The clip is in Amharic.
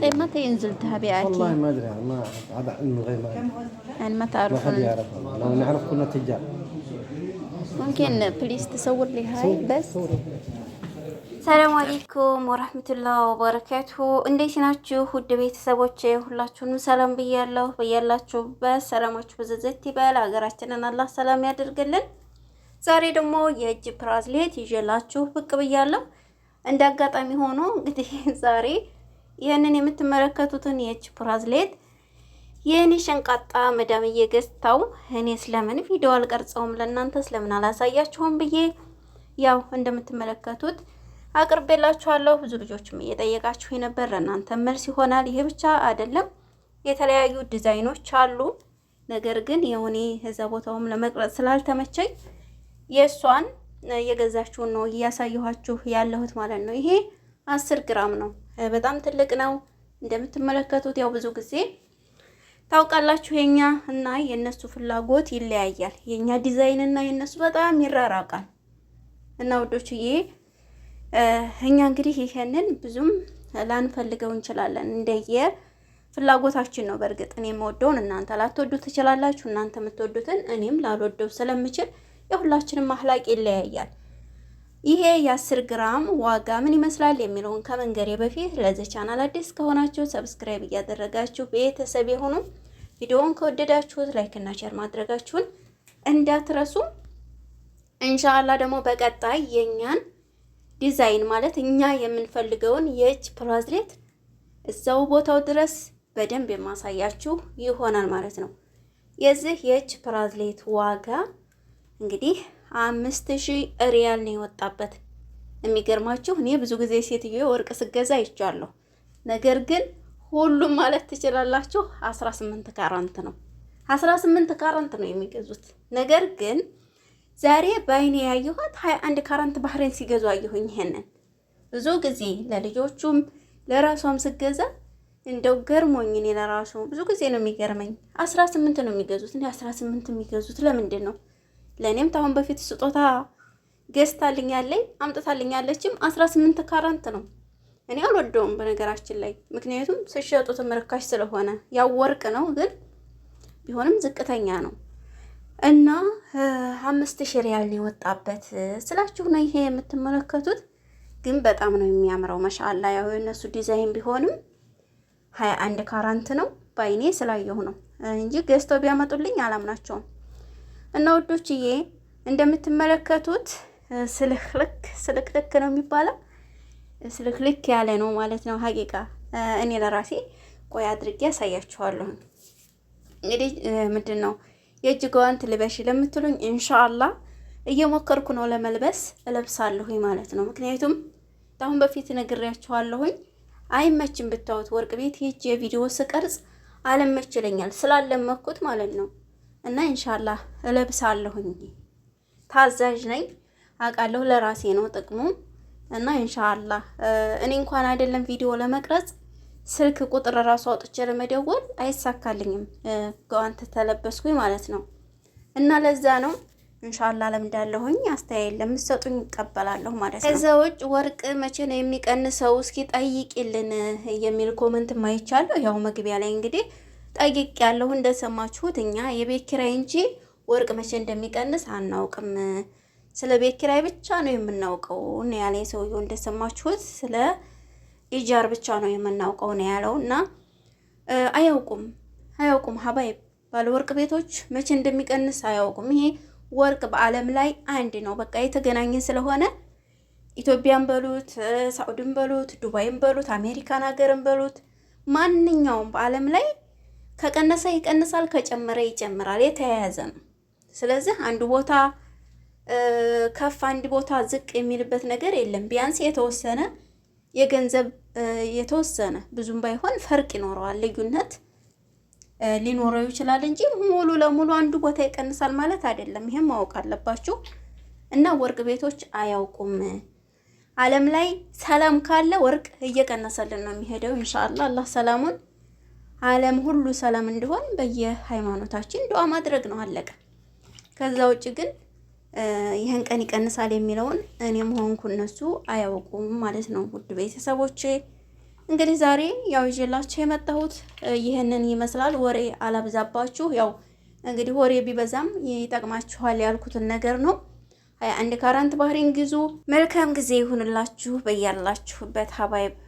طيب متى ينزل ذهبي والله ما ادري ما هذا علم غير ما يعني ما تعرف ما حد يعرف لو نعرف كنا تجار ممكن بليز تصور لي هاي بس ሰላም አለይኩም ወራህመቱላህ ወበረካቱ። እንዴት ናችሁ ውድ ቤተሰቦች ሁላችሁንም ሰላም ብያለሁ። በያላችሁበት ሰላማችሁ ብዝዝት ይበል። ሀገራችንን አላህ ሰላም ያደርግልን። ዛሬ ደግሞ የእጅ ፕራዝሌት ይዤላችሁ ብቅ ብያለሁ። እንደ አጋጣሚ ሆኖ እንግዲህ ዛሬ ይህንን የምትመለከቱትን የእጅ ፕራዝሌት የእኔ ሸንቃጣ መዳም እየገዝታው እኔ ስለምን ቪዲዮ አልቀርጸውም ለእናንተ ስለምን አላሳያችሁም ብዬ ያው እንደምትመለከቱት አቅርቤላችኋለሁ። ብዙ ልጆችም እየጠየቃችሁ የነበር እናንተ መልስ ይሆናል። ይሄ ብቻ አይደለም፣ የተለያዩ ዲዛይኖች አሉ። ነገር ግን የሆኔ እዛ ቦታውም ለመቅረጽ ስላልተመቸኝ የእሷን የገዛችሁን ነው እያሳየኋችሁ ያለሁት ማለት ነው። ይሄ አስር ግራም ነው። በጣም ትልቅ ነው። እንደምትመለከቱት ያው ብዙ ጊዜ ታውቃላችሁ የኛ እና የነሱ ፍላጎት ይለያያል። የኛ ዲዛይን እና የነሱ በጣም ይራራቃል እና ውዶችዬ እኛ እንግዲህ ይሄንን ብዙም ላንፈልገው እንችላለን። እንደየ ፍላጎታችን ነው። በእርግጥ እኔ የምወደውን እናንተ ላትወዱ ትችላላችሁ። እናንተ የምትወዱትን እኔም ላልወደው ስለምችል የሁላችንም አህላቅ ይለያያል። ይሄ የ10 ግራም ዋጋ ምን ይመስላል የሚለውን ከመንገሬ በፊት ለዚህ ቻናል አዲስ ከሆናችሁ ሰብስክራይብ እያደረጋችሁ ቤተሰብ የሆኑ ቪዲዮውን ከወደዳችሁት ላይክ እና ሼር ማድረጋችሁን እንዳትረሱ። እንሻላ ደግሞ በቀጣይ የኛን ዲዛይን ማለት እኛ የምንፈልገውን የእጅ ፕራዝሌት እዛው ቦታው ድረስ በደንብ የማሳያችሁ ይሆናል ማለት ነው። የዚህ የእጅ ፕራዝሌት ዋጋ እንግዲህ አምስት ሺህ ሪያል ነው የወጣበት። የሚገርማችሁ እኔ ብዙ ጊዜ ሴትዮ ወርቅ ስገዛ አይቻለሁ። ነገር ግን ሁሉም ማለት ትችላላችሁ 18 ካራንት ነው 18 ካራንት ነው የሚገዙት። ነገር ግን ዛሬ በአይኔ ያየኋት 21 ካራንት ባህሬን ሲገዙ አየሁኝ። ይሄንን ብዙ ጊዜ ለልጆቹም ለራሷም ስገዛ እንደው ገርሞኝ እኔ ለራሱ ብዙ ጊዜ ነው የሚገርመኝ። 18 ነው የሚገዙት እ 18 የሚገዙት ለምንድን ነው? ለእኔም ታሁን በፊት ስጦታ ገዝታልኛለች አምጥታልኛለችም። አስራ ስምንት ካራንት ነው። እኔ አልወደውም በነገራችን ላይ ምክንያቱም ስሸጡትም ርካሽ ስለሆነ ያው ወርቅ ነው፣ ግን ቢሆንም ዝቅተኛ ነው እና አምስት ሺ ሪያል ነው የወጣበት ስላችሁ ነው ይሄ የምትመለከቱት። ግን በጣም ነው የሚያምረው መሻላ። ያው የእነሱ ዲዛይን ቢሆንም ሀያ አንድ ካራንት ነው። ባይኔ ስላየሁ ነው እንጂ ገዝተው ቢያመጡልኝ አላምናቸውም። እና ወዶችዬ እንደምትመለከቱት ስልክልክ ስልክልክ ነው የሚባለው። ስልክልክ ያለ ነው ማለት ነው። ሀቂቃ እኔ ለራሴ ቆይ አድርጌ ያሳያችኋለሁ። እንግዲህ ምንድን ነው የእጅ ጓንት ልበሽ ለምትሉኝ ኢንሻአላ እየሞከርኩ ነው ለመልበስ እለብሳለሁኝ ማለት ነው። ምክንያቱም አሁን በፊት ነግሬያችኋለሁኝ አይመችም ብታዩት ወርቅ ቤት ሄጄ የቪዲዮ ስቀርጽ አለመችለኛል ስላለመኩት ማለት ነው። እና ኢንሻላህ እለብሳለሁኝ። ታዛዥ ነኝ አውቃለሁ። ለራሴ ነው ጥቅሙ እና ኢንሻላህ እኔ እንኳን አይደለም ቪዲዮ ለመቅረጽ ስልክ ቁጥር ራሱ አውጥቼ ለመደወል አይሳካልኝም፣ ጓንት ተለበስኩኝ ማለት ነው። እና ለዛ ነው ኢንሻአላህ ለምዳለሁኝ። አስተያየት ለምትሰጡኝ ይቀበላለሁ ማለት ነው። ከዛ ውጭ ወርቅ መቼ ነው የሚቀንሰው? እስኪ ጠይቂልን የሚል ኮመንት ማይቻለሁ። ያው መግቢያ ላይ እንግዲህ ጠይቅ ያለሁ እንደሰማችሁት እኛ የቤት ኪራይ እንጂ ወርቅ መቼ እንደሚቀንስ አናውቅም። ስለ ቤት ኪራይ ብቻ ነው የምናውቀው ነው ያለ ሰውየው። እንደሰማችሁት ስለ ኢጃር ብቻ ነው የምናውቀው ነው ያለው እና አያውቁም አያውቁም ሀባይ ባለ ወርቅ ቤቶች መቼ እንደሚቀንስ አያውቁም። ይሄ ወርቅ በዓለም ላይ አንድ ነው፣ በቃ የተገናኘ ስለሆነ ኢትዮጵያን በሉት ሳዑድን በሉት ዱባይን በሉት አሜሪካን ሀገርን በሉት ማንኛውም በዓለም ላይ ከቀነሰ ይቀንሳል፣ ከጨመረ ይጨምራል። የተያያዘ ነው። ስለዚህ አንድ ቦታ ከፍ አንድ ቦታ ዝቅ የሚልበት ነገር የለም። ቢያንስ የተወሰነ የገንዘብ የተወሰነ ብዙም ባይሆን ፈርቅ ይኖረዋል፣ ልዩነት ሊኖረው ይችላል እንጂ ሙሉ ለሙሉ አንዱ ቦታ ይቀንሳል ማለት አይደለም። ይሄም ማወቅ አለባችሁ። እና ወርቅ ቤቶች አያውቁም። ዓለም ላይ ሰላም ካለ ወርቅ እየቀነሰልን ነው የሚሄደው። ኢንሻአላህ አላህ ሰላሙን ዓለም ሁሉ ሰላም እንዲሆን በየሃይማኖታችን ዱዓ ማድረግ ነው። አለቀ። ከዛ ውጭ ግን ይህን ቀን ይቀንሳል የሚለውን እኔም ሆንኩ እነሱ አያውቁም ማለት ነው። ውድ ቤተሰቦቼ እንግዲህ ዛሬ ያው ይዤላችሁ የመጣሁት ይህንን ይመስላል። ወሬ አላብዛባችሁ። ያው እንግዲህ ወሬ ቢበዛም ይጠቅማችኋል ያልኩትን ነገር ነው። ሀያ አንድ ካራንት ባህሪን ግዙ። መልካም ጊዜ ይሁንላችሁ በያላችሁበት ሀባይብ